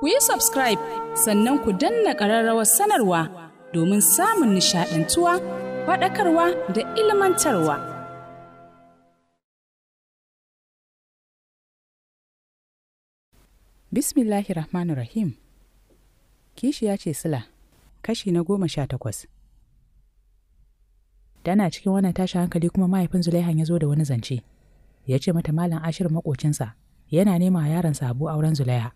ku yi subscribe sannan ku danna ƙararrawar sanarwa domin samun nishaɗantuwa faɗakarwa da ilmantarwa. Bismillahir Rahmanir Rahim Kishiya ce Sila, kashi na goma sha takwas. Tana cikin wannan tashin hankali kuma mahaifin Zulaihan ya zo da wani zance. Ya ce mata Malam Ashir maƙocinsa yana nema yaransa abu auren Zulaiha.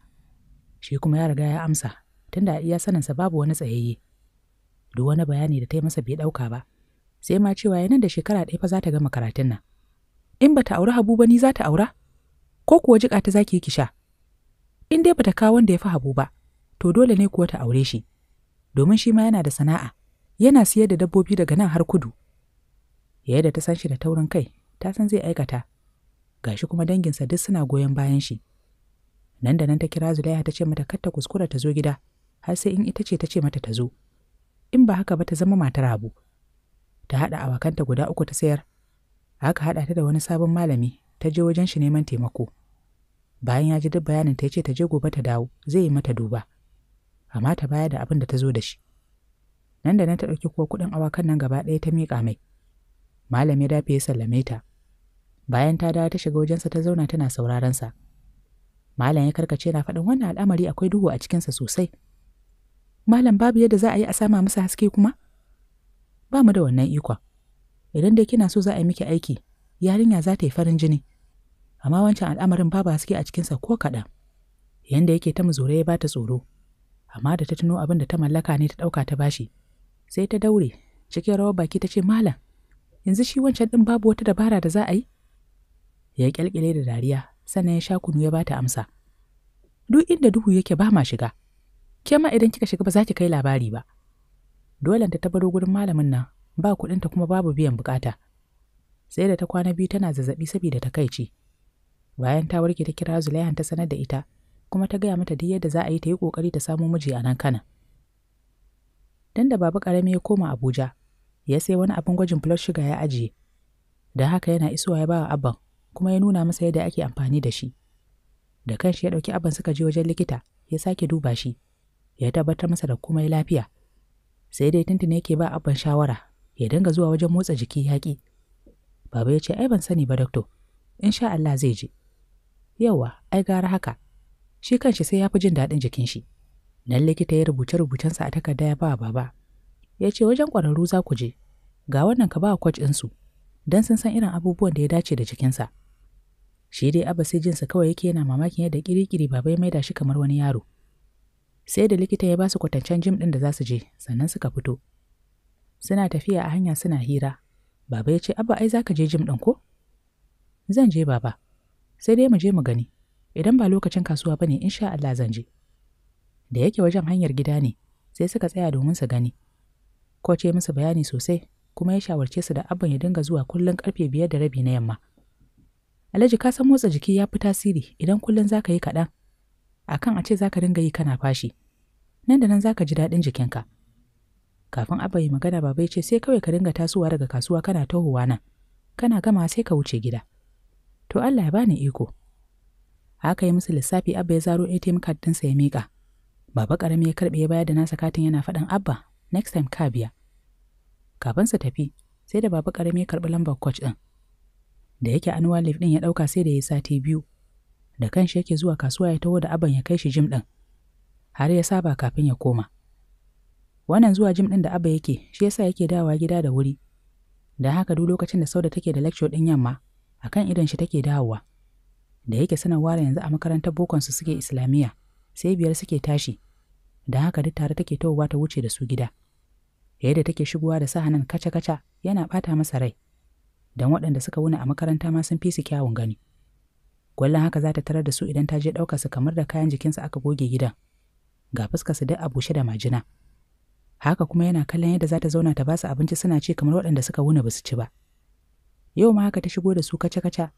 shi kuma ya riga ya amsa tunda a iya saninsa babu wani tsayayye duk wani bayani da ta yi masa bai ɗauka ba sai ma cewa yanan da shekara ɗaya fa za ta gama karatun nan in ba ta auri habu ba ni za ta aura ko kuwa jiƙa ta zaki ki sha in dai bata kawo wanda ya fi habu ba to dole ne kuwa ta aure shi domin shi ma yana da sana'a yana siyar da dabbobi daga nan har kudu yayi da ta san shi da taurin kai ta san zai aikata gashi kuma danginsa duk suna goyon bayan shi nan da nan ta kira zulaiha ta ce mata karta kuskura ta zo gida har sai in ita ce ta ce mata ta zo in ba haka ba ta zama matar habu ta haɗa awakanta guda uku ta sayar haka haɗa ta da wani sabon malami ta je wajen shi neman taimako bayan ya ji duk bayanin ta ya ce ta je gobe ta dawo zai yi mata duba amma ta baya da abin da ta zo da shi nan da nan ta ɗauki kuwa kuɗin awakan nan gaba ɗaya ta miƙa mai Malami ya dafe ya sallame ta bayan ta dawo ta shiga wajensa ta zauna tana sauraron sa Malam ya karkace na faɗin wannan al'amari akwai duhu a cikinsa sosai. Malam babu yadda za a yi a sama masa haske kuma? Ba mu da wannan ikon. Idan dai kina so za a yi miki aiki, yarinya za ta yi farin jini. Amma wancan al'amarin babu haske a cikinsa ko kaɗan. Yanda yake ta muzure ya bata tsoro. Amma da ta tuno abin da ta mallaka ne ta ɗauka ta bashi. Sai ta daure, cikin rawar baki ta ce Malam, yanzu shi wancan ɗin babu wata dabara da za a yi? Ya ƙyalƙyale da dariya, sannan ya sha kunu ya bata amsa. Duk inda duhu yake ba ma shiga, ke ma idan kika shiga ba za ki kai labari ba. Dolen ta baro gurin malamin nan ba kuɗinta kuma babu biyan bukata. Sai da ta kwana biyu tana zazzaɓi saboda takaici. Bayan ta warke ta kira Zulaihan ta sanar da ita, kuma ta gaya mata duk yadda za a yi ta yi ƙoƙari ta samo miji a nan kana. Dan da baba ƙarami ya koma Abuja, ya sai wani abin gwajin blood sugar ya ajiye. Da haka yana isuwa ya ba wa abban, kuma ya nuna masa yadda ake amfani da shi. Da kanshi ya ɗauki abin suka je wajen likita, ya sake duba shi, ya tabbatar masa da komai lafiya. Sai dai tuntuna yake ba abin shawara, ya dinga zuwa wajen motsa jiki yaƙi. Baba ya ce, ai ban sani ba dokto, Insha Allah zai je. Yawwa, ai gara haka, shi kanshi sai ya fi jin daɗin jikin shi. Nan likita ya rubuce rubucensa a takarda ya ba baba. Ya ce wajen ƙwararru za ku je, ga wannan ka ba coach ɗinsu, don sun san irin abubuwan da ya dace da jikinsa. Shi dai Abba sai jinsa kawai yake yana mamakin yadda kirikiri baba ya maida shi kamar wani yaro. Sai da likita ya ba su kwatancen jim ɗin da za su je, sannan suka fito. Suna tafiya a hanya suna hira. Baba ya ce, Abba ai zaka je jim ɗin ko? Zan je baba. Sai dai mu je mu gani. Idan ba lokacin kasuwa ba ne, insha Allah zan je. Da yake wajen hanyar gida ne, sai suka tsaya domin su gani. Ko ce musu bayani sosai, kuma ya shawarce su da abban ya dinga zuwa kullum karfe biyar da rabi na yamma. Alhaji ka san motsa jiki ya fi tasiri idan kullum za ka yi kaɗan, a kan a ce za ka dinga yi kana fashi. Nan da nan za ka ji daɗin jikinka. Kafin Abba yi magana baba ya ce sai kawai ka dinga tasowa daga kasuwa kana tahowa nan, kana gama sai ka wuce gida. To Allah ya bani iko. Haka yi musu lissafi Abba ya zaro ATM card ɗinsa ya miƙa. Baba ƙarami ya karɓe ya bayar da nasa katin yana faɗan Abba, next time ka biya. Kafin sa tafi, sai da baba ƙarami ya karɓi lambar coach ɗin. da yake annual leave ɗin ya ɗauka sai da ya sati biyu da kanshi yake zuwa kasuwa ya taho da aban ya kai shi jim ɗin har ya saba kafin ya koma wannan zuwa jim ɗin da aba yake shi yasa yake dawowa gida da wuri da haka duk lokacin da sauda take da lecture ɗin yamma akan idan shi take dawowa da yake sanarwa yanzu a makarantar bokon su suke islamiyya sai biyar suke tashi da haka duk tare take tawowa ta wuce da su gida yadda take shigowa da sahanan kaca-kaca yana ɓata masa rai don waɗanda suka wuni a makaranta ma sun fi su kyawun gani. Gwallon haka za ta tarar da su idan ta je ɗauka su kamar da kayan jikinsu aka goge gidan. Ga su duk a bushe da majina. Haka kuma yana kallon yadda za ta zauna ta ba abinci suna ci kamar waɗanda suka wuni ba su ci ba. Yau ma haka ta shigo da su kaca-kaca,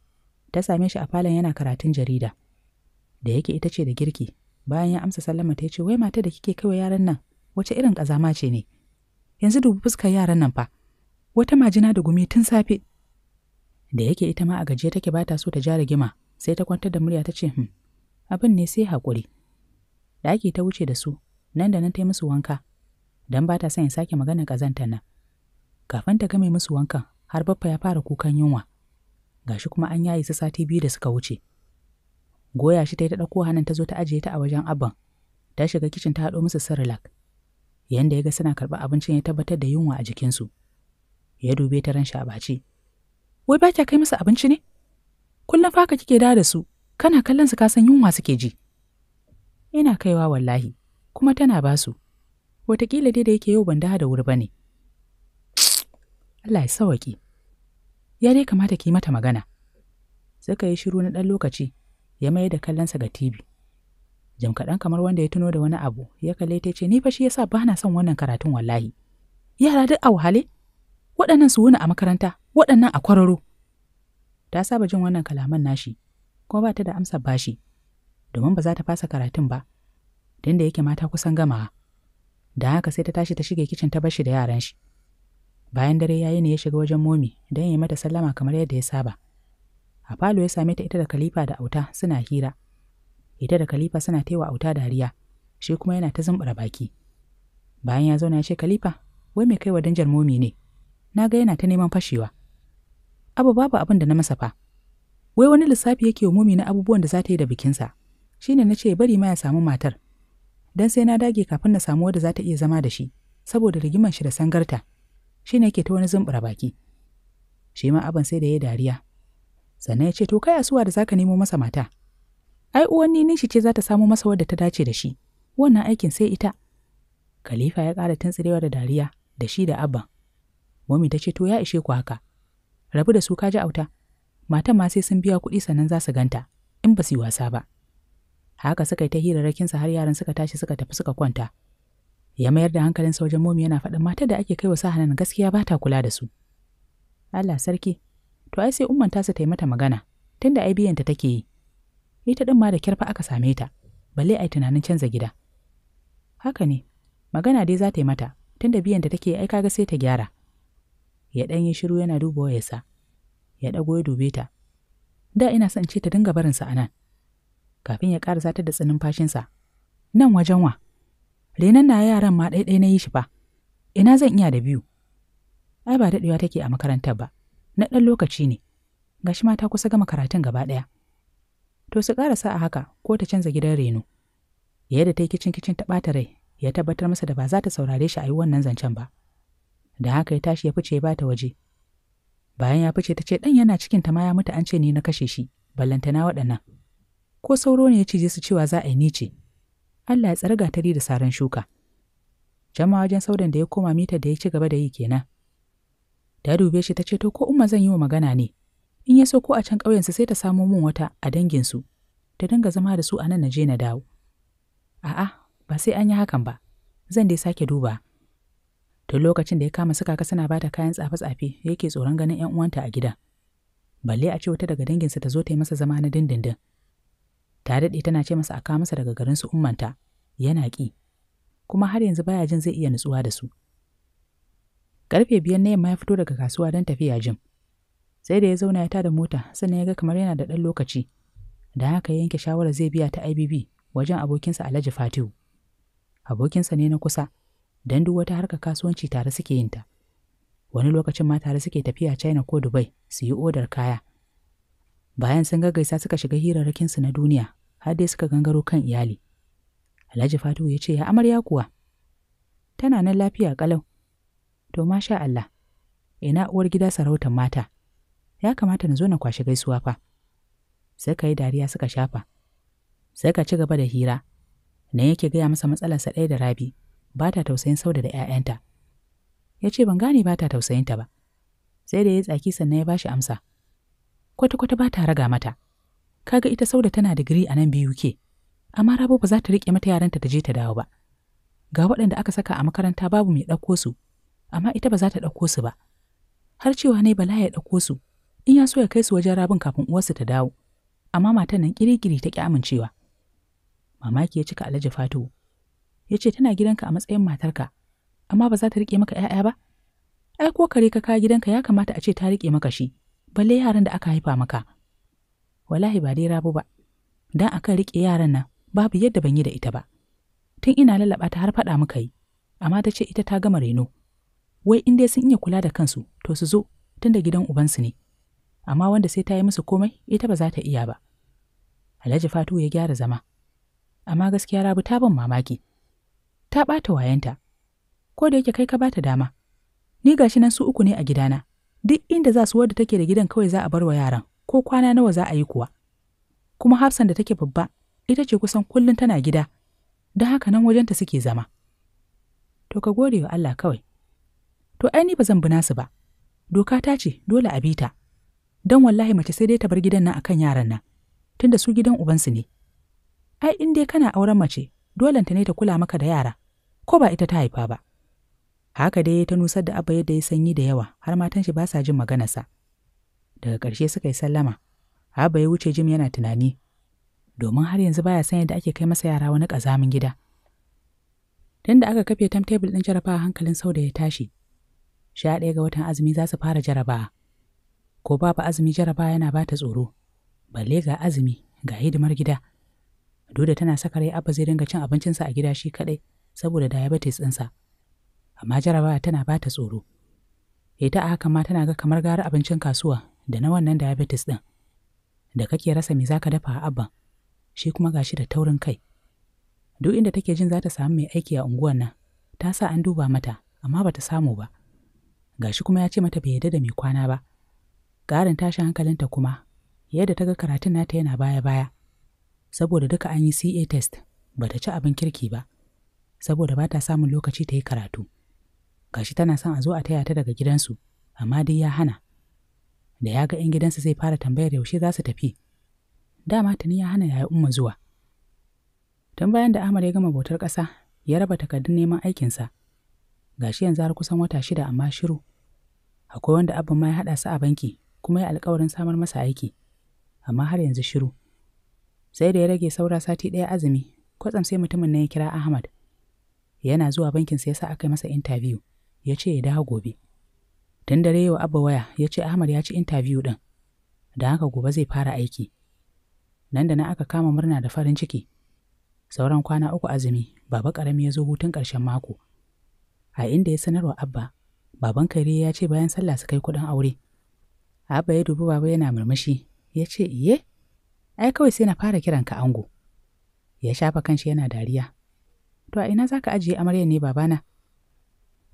ta same shi a falon yana karatun jarida. Da yake ita ce da girki, bayan ya amsa sallama ta ce wai mata da kike kai wa yaran nan wace irin ƙazama ce ne. Yanzu dubi fuskar yaran nan fa, wata majina da gumi tun safe. da yake ita ma a gajiye take ba ta so ta ja rigima sai ta kwantar da murya ta ce hm abin ne sai haƙuri ɗaki ta wuce da su nan da nan ta yi musu wanka Dan ba ta son ya sake magana ƙazantar nan kafin ta game musu wankan har baffa ya fara kukan yunwa gashi kuma an yayi su sati biyu da suka wuce goya shi ta yi ta ɗauko hannun ta zo ta ajiye ta a wajen abban ta shiga kicin ta haɗo musu sirilak yanda ya ga suna karɓar abincin ya tabbatar da yunwa a jikinsu ya dube ta ran shabaci wai ba kya kai masa abinci ne? Kullum fa ka kike da da su, kana kallon su kasan yunwa suke ji. Ina kaiwa wallahi, kuma tana ba su. Wataƙila dai da yake yau ban da wuri ba ne. Allah ya sawaƙi. Ya dai kamata ki mata magana. Suka yi shiru na ɗan lokaci, ya mai da kallonsa ga TV. Jam kaɗan kamar wanda ya tuno da wani abu, ya kalle ta ce, Ni fa shi yasa ba na son wannan karatun wallahi. Yara duk a wahale, waɗannan su wuni a makaranta, waɗannan a kwararo. Ta saba jin wannan kalaman nashi, kuma ba ta da amsar bashi, domin ba za ta fasa karatun ba, tunda yake mata kusan gamawa. Da haka sai ta tashi ta shige kicin ta bashi da yaran shi. Bayan dare yayi ne ya shiga wajen momi don ya mata sallama kamar yadda ya saba. A falo ya same ta ita da kalifa da Auta suna hira. Ita da kalifa suna taiwa Auta dariya, shi kuma yana ta zumbura baki. Bayan ya zauna ya ce kalifa wai mai kaiwa danjar momi ne? Na ga yana ta neman fashewa. abu babu abin da na masa fa wai wani lissafi yake wa mumi na abubuwan da za ta yi da bikinsa shine na ce bari ma ya samu matar dan sai na dage kafin na samu wadda za ta iya zama da shi saboda rigiman shi da sangarta shine yake ta wani zumbura baki shi ma abin sai da ya dariya sannan ya ce to kai asuwa da zaka nemo masa mata ai uwan ninin shi ce za ta samu masa wadda ta dace da shi wannan aikin sai ita khalifa ya kara tantsirewa da dariya da shi da abban mumi ta ce to ya ishe ku haka rabu da su ka ji auta matan ma sai sun biya kuɗi sannan za su ganta in ba su yi wasa ba haka suka yi ta hirarrakinsa har yaran suka tashi suka tafi suka kwanta ya mayar da hankalin wajen momi yana faɗin matar da ake kai wa sahanan gaskiya ba ta kula da su Allah sarki to ai sai umman tasa ta yi mata magana tunda ai biyanta take yi ita din ma da kyarfa aka same ta balle ai tunanin canza gida haka ne magana dai za ta yi mata tunda biyan ta take ai kaga sai ta gyara ya ɗan yi shiru yana duba wayarsa ya ɗago ya dube ta da ina son ce ta dinga barinsa a nan kafin ya ƙara ta da tsinin fashinsa nan wajen wa renan na yaran ma ɗaiɗai na yi shi fa ina zan iya da biyu ai ba daɗewa take a makarantar ba na ɗan lokaci ne gashi ma ta kusa gama karatun gaba ɗaya to su sa a haka ko ta canza gidan reno yadda ta yi kicin kicin ta ɓata rai ya tabbatar masa da ba za ta saurare shi a yi wannan zancen ba. da haka ya tashi ya fice ya bata waje bayan ya fice ta ce ɗan yana cikin ta maya ya mutu an ce ni na kashe shi ballantana waɗannan ko sauro ne ya cije su cewa za a yi ni ce Allah ya tsarga tari da saran shuka jama'a wajen saudan da ya koma mita da ya ci gaba da yi kenan ta dube shi ta ce to ko umma zan yi wa magana ne in ya so ko a can ƙauyensu sai ta samo min wata a danginsu ta dinga zama da su a nan na je na dawo a'a ba sai an yi hakan ba zan dai sake duba tun lokacin da ya kama suka suna ba ta kayan tsafe-tsafe yake tsoron ganin 'yan uwanta a gida. Balle a ce wata daga danginsa ta zo ta yi masa zama na dindindin. Ta daɗe tana ce masa a kawo masa daga garin su ummanta, yana ƙi, kuma har yanzu baya jin zai iya nutsuwa da su. Karfe biyan na yamma ya fito daga kasuwa don tafiya jim. Sai da ya zauna ya tada mota sannan ya ga kamar yana da ɗan lokaci. Da haka ya yanke shawarar zai biya ta IBB wajen abokinsa Alhaji Fatihu. Abokinsa ne na kusa, don duk wata harkar kasuwanci tare suke yin ta. Wani lokacin ma tare suke tafiya China ko Dubai su yi odar kaya. Bayan sun gaggaisa suka shiga su na duniya, har dai suka gangaro kan iyali. Alhaji fatu ya ce, ya amarya kuwa? Tana nan lafiya kalau. To masha Allah, ina uwar gida sarautar mata. Ya kamata na zo na kwashe gaisuwa fa. Suka yi dariya suka shafa. Sai ka ci gaba da hira. Nan yake gaya masa matsalarsa ɗaya da rabi, ba ta tausayin sauda da ‘ya'yanta. Ya ce ban gane ba ta tausayin ta ba, sai da ya tsaki sannan ya ba shi amsa. Kwata-kwata ba ta raga mata, kaga ita sau da tana digiri a nan biyu ke, amma rabo ba za ta riƙe mata yaranta ta je ta dawo ba. Ga waɗanda aka saka a makaranta babu mai ɗauko su, amma ita ba za ta ɗauko su ba. Har cewa ne bala ya ɗauko su, in ya so ya kai su wajen rabin kafin uwarsu ta dawo, amma matan nan kirikiri ta ƙi amincewa. Mamaki ya cika Alhaji Fatu, ya ce tana gidanka a matsayin matarka, amma ba za ta riƙe maka ƴaƴa ba? Ai, ko kare ka kaya gidanka ya kamata a ce ta rike maka shi, balle yaran da aka haifa maka. Wallahi ba dai rabu ba, don akan rike yaran nan babu yadda ban yi da ita ba. Tun ina lallaba ta har faɗa muka yi, amma ta ce ita ta gama reno. Wai in dai sun iya kula da kansu, to su zo, tunda da gidan ubansu ne. Amma wanda sai ta yi musu komai, ita ba za ta iya ba. Alhaji Fatu ya gyara zama. Amma gaskiya rabu ta ban mamaki. ta ɓata wayanta. Ko da yake kai ka bata dama. Ni gashi nan su uku ne a gidana. Duk inda za su wadda take da gidan kawai za a bar wa yaran, ko kwana nawa za a yi kuwa. Kuma Hafsan da take babba, ita ce kusan kullum tana gida, don haka nan wajenta suke zama. To ka gode wa Allah kawai. To ai ni ba zan bi nasu ba. Doka ta ce dole a bi ta. Don wallahi mace sai dai ta bar gidan nan akan yaran nan, tunda su gidan ubansu ne. Ai in dai kana auren mace, ta ne ta kula maka da yara, ko ba ita ta haifa ba. Haka dai ta nusar da Abba yadda ya sanyi da yawa, har matan shi ba sa jin maganarsa. Daga ƙarshe suka yi sallama, Abba ya wuce Jim yana tunani, domin har yanzu baya san yadda ake kai masa yara wani ƙazamin gida. Tun da aka kafe tam tebul ɗin jarabawa hankalin sau da ya tashi, sha ɗaya ga watan azumi za su fara jarabawa. Ko babu azumi jarabawa yana ba ta tsoro, balle ga azumi ga hidimar gida. Doda tana saka rai Abba zai dinga cin abincinsa a gida shi kaɗai saboda diabetes ɗinsa. Amma jarabawa tana ba ta tsoro. Ita a haka ma tana ga kamar gara abincin kasuwa da na wannan diabetes ɗin. Da kake rasa me zaka dafa a Abba, shi kuma gashi da taurin kai. Duk inda take jin za ta samu mai aiki a unguwan nan, ta sa an duba mata, amma bata samu ba. Gashi kuma ya ce mata bai yarda da mai kwana ba. Ƙarin tashin hankalinta kuma, yadda ta ga karatun nata yana baya-baya, saboda duka an yi CA test ba ta ci abin kirki ba, saboda ba ta samun lokaci ta yi karatu. Gashi tana son a zo a taya ta daga gidansu, amma dai ya hana. Da ya ga 'yan gidansa zai fara tambayar yaushe za su tafi. Dama tuni ya hana yaya umma zuwa. Tun bayan da Ahmad ya gama bautar ƙasa, ya raba takardun neman aikinsa. Gashi yanzu har kusan wata shida amma shiru. Akwai wanda abin ma ya haɗa su a banki, kuma ya alkawarin samar masa aiki, amma har yanzu shiru. sai da ya rage saura sati ɗaya azumi kwatsam sai mutumin na ya kira ahmad yana zuwa bankin sa yasa aka masa interview ya ce ya dawo gobe tun dare yau abba waya ya ce ahmad ya ci interview ɗin da haka gobe zai fara aiki nan da na aka kama murna da farin ciki sauran kwana uku azumi baba karami ya zo hutun ƙarshen mako a inda ya sanarwa abba baban kare ya ce bayan sallah su kai kuɗin aure abba ya dubi baba yana murmushi ya ce iye ai kawai sai na fara kiran ka ango. Ya shafa kanshi yana dariya. To a ina za ka ajiye amaryar ne babana?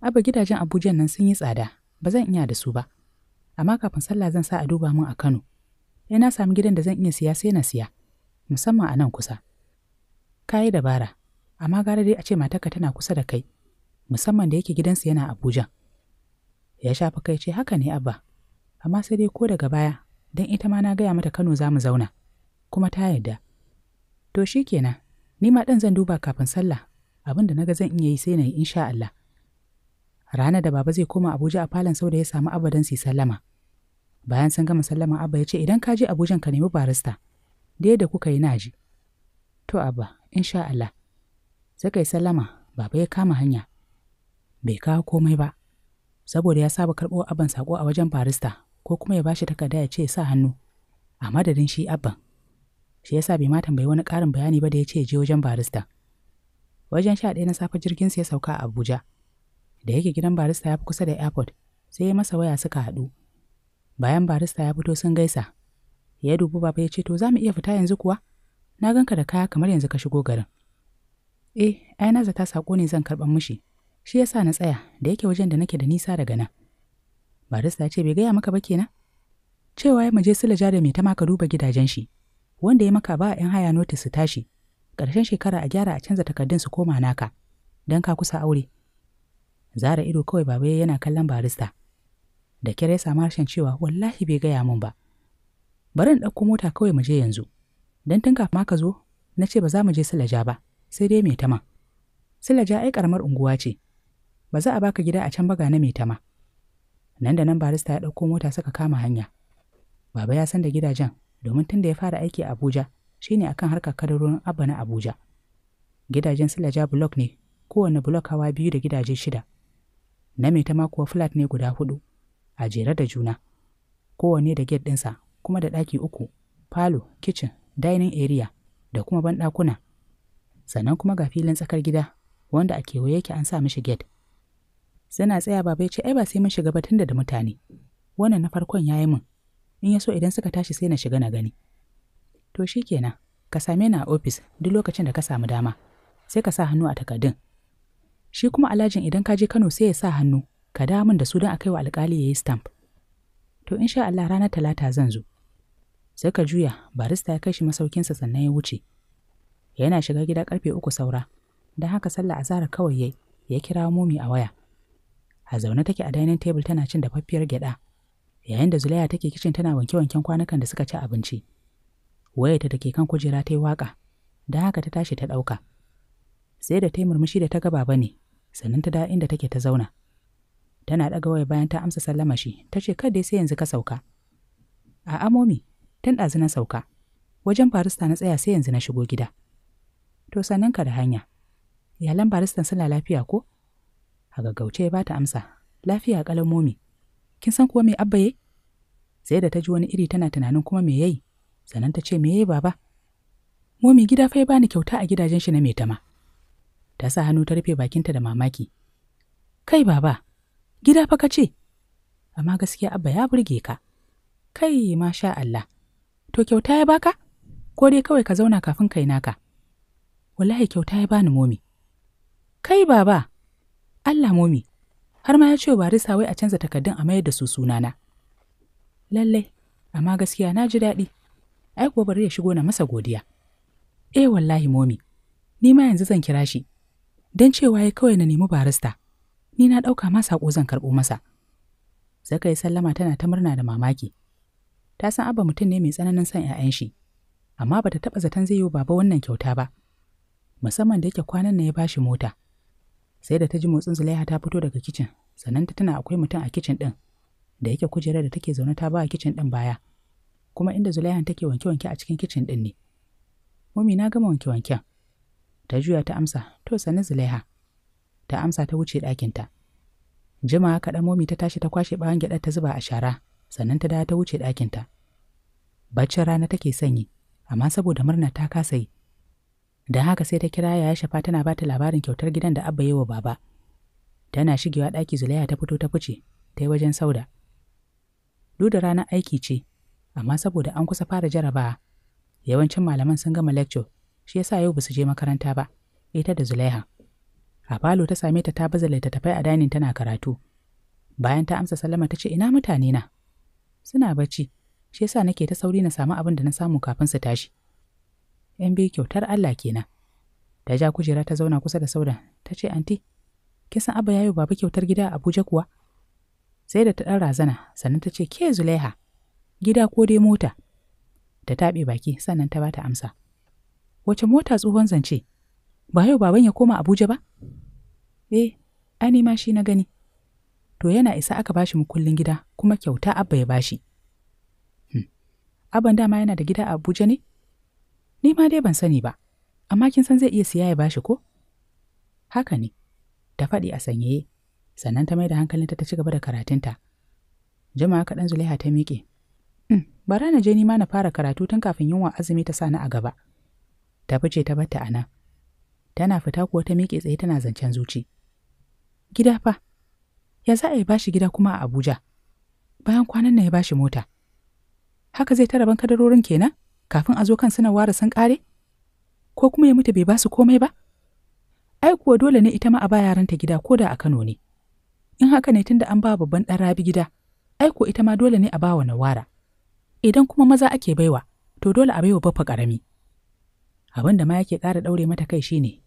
Abba gidajen Abuja nan sun yi tsada, ba zan iya da su ba. Amma kafin sallah zan sa a duba min a Kano. ina na sami gidan da zan iya siya sai na siya, musamman a nan kusa. Ka yi dabara, amma gara dai a ce matarka tana kusa da kai, musamman da yake gidansu yana Abuja. Ya shafa kai ce haka ne Abba, amma sai dai ko daga baya, don ita ma na gaya mata Kano za mu zauna. kuma ta yarda. To shi kenan, ni ma ɗan zan duba kafin sallah abin da naga zan iya yi sai na yi insha Allah. Rana da baba zai koma Abuja a falon sau da ya samu abadan su sallama. Bayan sun gama sallama abba ya ce idan ka je Abuja ka nemi barista, da yadda kuka yi naji. To abba, insha Allah. Suka yi sallama, baba ya kama hanya. Bai kawo komai ba, saboda ya saba karɓo abban sako a wajen barista ko kuma ya ba shi takarda ya ce sa hannu a madadin shi abban. shi yasa bai ma tambayi wani ƙarin bayani ba da ya ce ya je wajen barista wajen sha ɗaya na safe jirgin sa ya sauka a abuja da yake gidan barista ya fi kusa da airport sai ya masa waya suka haɗu bayan barista ya fito sun gaisa ya dubi baba ya ce to za mu iya fita yanzu kuwa na ganka da kaya kamar yanzu ka shigo garin eh ai na zata sako ne zan karɓan mishi shi yasa na tsaya da yake wajen da nake da nisa daga nan barista ya ce bai gaya maka ba kenan cewa ya muje sulaja da mai ta maka duba gidajen shi wanda ya maka ba 'yan haya notis su tashi ƙarshen shekara a gyara a canza takardun su koma naka don ka kusa aure zara ido kawai baba yana kallon barista da kira ya samu harshen cewa wallahi bai gaya min ba bari in ɗauko mota kawai mu je yanzu don tun kafin ka zo na ce ba za mu je silaja ba sai dai mai tama silaja ai karamar unguwa ce ba za a baka gida a can baga na mai tama nan da nan barista ya ɗauko mota suka kama hanya baba ya san da gidajen domin tun da ya fara aiki a Abuja shi ne akan harkar kadarorin Abba na Abuja. Gidajen Silaja block ne, kowane block hawa biyu da gidaje shida. Na mai ta makuwa flat ne guda hudu, a jere da juna. kowane da gate ɗinsa, kuma da ɗaki uku, falo, kitchen, dining area, da kuma banɗakuna. Sannan kuma ga filin tsakar gida, wanda a kewaye yake an sa mishi gate. Suna tsaya baba ya ce, ai ba sai mun shiga ba tunda da mutane. Wannan na farkon ya yi min, in ya so idan suka tashi sai na shiga na gani to shi kenan ka same ni a ofis duk lokacin da ka samu dama sai ka sa hannu a takardun shi kuma alhajin idan ka je kano sai ya sa hannu ka dawo min da su don a kai wa alkali ya yi stamp to insha Allah ranar talata zan zo sai ka juya barista ya kai shi masaukinsa sannan ya wuce yana shiga gida karfe uku saura don haka sallah zarar kawai ya ya kira momi a waya a zaune take a dining table tana cin dafaffiyar gyada yayin da zulaiya take kicin tana wanke-wanken kwanukan da suka ci abinci wayarta da ke kan kujera ta yi waƙa da haka ta tashi ta ɗauka sai da ta yi murmushi da ta ga baba ne sannan ta da inda take ta zauna tana ɗaga waya bayan ta amsa sallama shi ta ce kada sai yanzu ka sauka a amomi tun ɗazu na sauka wajen barista na tsaya sai yanzu na shigo gida to sannan ka da hanya iyalan baristan suna lafiya ko a gaggauce ba ta amsa lafiya kalamomi kin san kuwa me abba yayi sai da ta ji wani iri tana tunanin kuma me yayi sannan ta ce me yayi baba mai gida fa ya bani kyauta a gidajen shi na tama ta sa hannu ta rufe bakinta da mamaki kai baba gida fa ka ce amma gaskiya abba ya burge ka kai masha Allah to kyauta ya baka ko dai kawai ka zauna kafin kai naka wallahi kyauta ya bani momi kai baba Allah momi har ma ya ce wa barista wai a canza takardun a mayar da su sunana lallai amma gaskiya na ji daɗi ai kuwa bari ya shigo na masa godiya eh wallahi momi ni ma yanzu zan kira shi don cewa ya kawai na nemi barista ni na ɗauka ma sako zan karɓo masa zaka yi sallama tana ta murna da mamaki ta san abba mutum ne mai tsananin son 'ya'yan shi amma bata taɓa zaton zai yi wa baba wannan kyauta ba musamman da yake kwanan na ya bashi mota sai da ta ji motsin zulaiha ta fito daga kicin sannan ta tana akwai mutum a kicin ɗin da yake kujerar da take zaune ta ba a kicin ɗin baya kuma inda zulaihan take wanke-wanke a cikin kicin ɗin ne mumi na gama wanke-wanken ta juya ta amsa to sani zulaiha ta amsa ta wuce ɗakinta Jima kaɗan momi ta tashi ta kwashe ɓawon gyaɗar ta zuba a shara sannan ta dawo ta wuce ɗakin ta baccin rana take sanyi amma saboda murna ta kasa yi Da haka sai ta kira ya shafa tana ba ta labarin kyautar gidan da Abba yi wa baba. Tana shigewa ɗaki Zulaiha ta fito ta fice, ta yi wajen sauda. Duk ranar aiki ce, amma saboda an kusa fara jarrabawa, yawancin malaman sun gama lecture, shi yasa yau basu je makaranta ba, ita da Zulaiha. A falo ta same ta ta baza littattafai a dainin tana karatu. Bayan ta amsa sallama ta ce ina mutane na? Suna bacci, shi yasa nake ta sauri na samu abin da na samu kafin su tashi. ‘yan biyu kyautar Allah kenan. da ja kujera ta zauna kusa da sauda, ta ce, Anti, kin san Abba yayo baba kyautar gida a Abuja kuwa? Sai da ta ɗan razana, sannan ta ce, Ke Zulaiha, gida ko dai mota? Ta taɓe baki, sannan ta bata amsa. Wace mota tsohon zance? Ba yau baban ya koma Abuja ba? Eh, ani ma shi na gani. To yana isa aka bashi mukullin gida, kuma kyauta Abba ya bashi. Hmm. Abban dama yana da gida a Abuja ne? Ni ma dai ban sani ba, amma kin san zai iya siya ya bashi ko? Haka ne, ta faɗi a sanyaye, sannan ta mai da hankalinta ta ci gaba da karatunta. Jama'a kaɗan Zulaiha ta miƙe. Mm, bara na je ni ma na fara karatu tun kafin yunwa azumi ta sani a gaba. Ta fice ta batta a nan. Tana fita kuwa ta miƙe tsaye tana zancen zuci. Gida fa, ya za a yi bashi gida kuma a Abuja. Bayan kwanan nan ya bashi mota. Haka zai tara ban kadarorin kenan? kafin a zo kan sanarwa da san ƙare? Ko kuma ya mutu bai ba su komai ba? Ai kuwa dole ne ita ma a ba yaranta gida ko da a Kano ne. In haka ne tunda an ba babban ɗan rabi gida, ai kuwa ita ma dole ne a ba wa Nawara. Idan kuma maza ake baiwa, to dole a baiwa baffa ƙarami. Abin da ma yake ƙara ɗaure mata kai shine,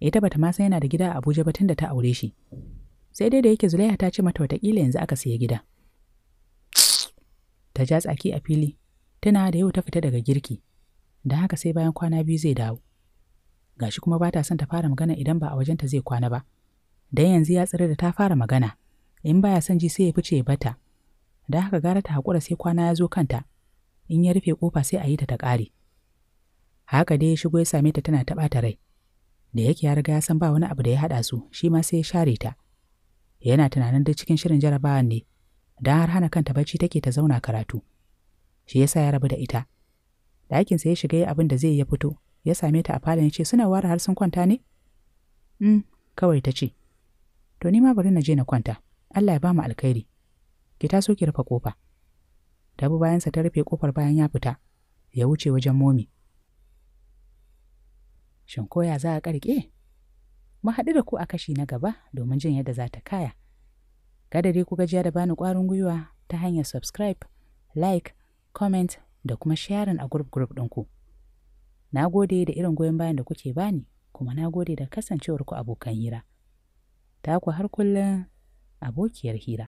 ita bata ma san yana da gida a Abuja ba tunda ta aure shi. Sai dai da yake Zulaiha ta ce mata watakila yanzu aka siya gida. ta ja tsaki a fili tana da yau ta fita daga girki da haka sai bayan kwana biyu zai dawo gashi kuma ba ta son ta fara magana idan ba a wajenta zai kwana ba dan yanzu ya tsira da ta fara magana in baya son ji sai ya fice bata da haka gara ta haƙura sai kwana ya zo kanta in ya rufe ƙofa sai a yi ta ta ƙare haka dai ya shigo ya same ta tana taɓa ta rai da yake ya riga ya san ba wani abu da ya haɗa su shi ma sai ya share ta yana tunanin duk cikin shirin jarabawan ne don har hana kanta bacci take ta zauna karatu shi yasa ya rabu da ita ɗakin sai ya shiga abin da zai ya fito ya same ta a falon ya ce suna ware har sun kwanta ne mm kawai ta ce to ni ma bari na je na kwanta Allah ya ba mu alkhairi ki taso ki rufe kofa Tabu bayansa ta rufe kofar bayan ya fita ya wuce wajen momi shin koya za a karke mu haɗu da ku a kashi na gaba domin jin yadda za ta kaya kada dai ku gajiya da bani ƙwarin gwiwa ta hanyar subscribe like comment da kuma sharing a group group ɗinku. Na gode da irin goyon bayan da kuke bani, kuma na gode da kasancewarku abokan hira. Ta ku har kullum abokiyar hira.